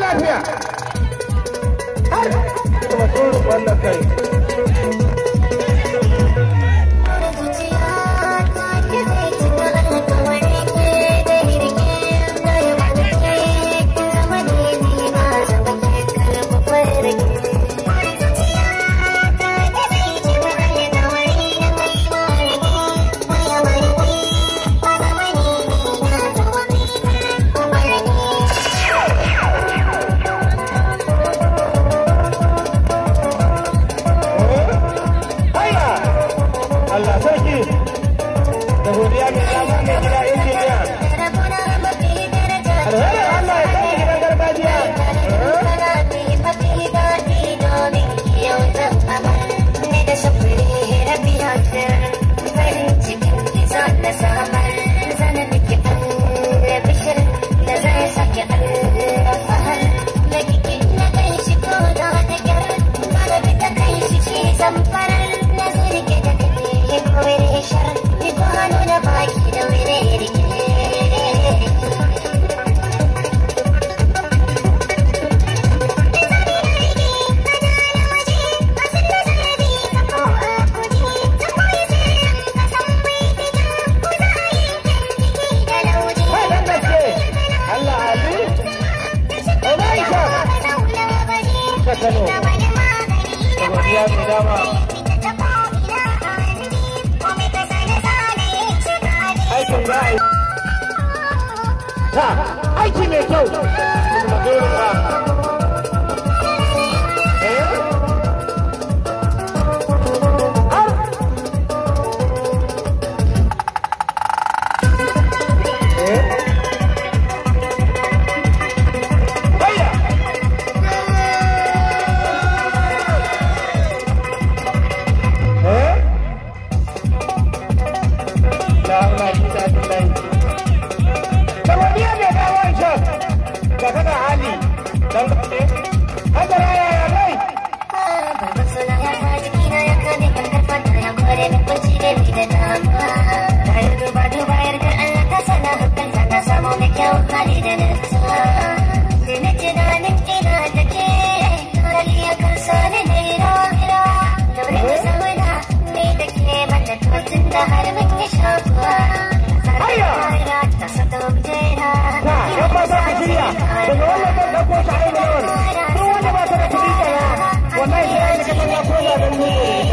lafiya har da wasu wannan kai Sama Kano. Godiya mai dama. Aikin za a yi. Ha! Aiki mai kyau. Ba ba.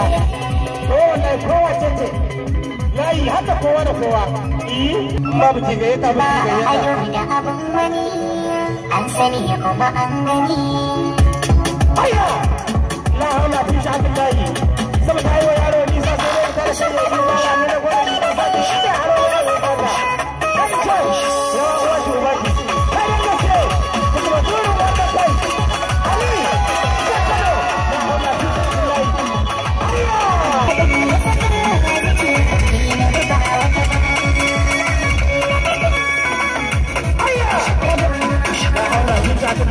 yaya kowane kowace ce layi haka kowa da kowa iyi babu ce gaya ta ba a yau wani an sani ya kuma an gani haya la haula fi sha'atin layi saboda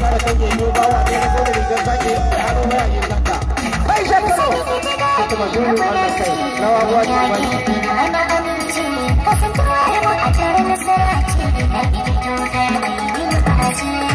kara sanje yo ba wa ne ko da rigar sake haro ba yin lafta kai shakaro kuma dole Allah kai rawa wa ta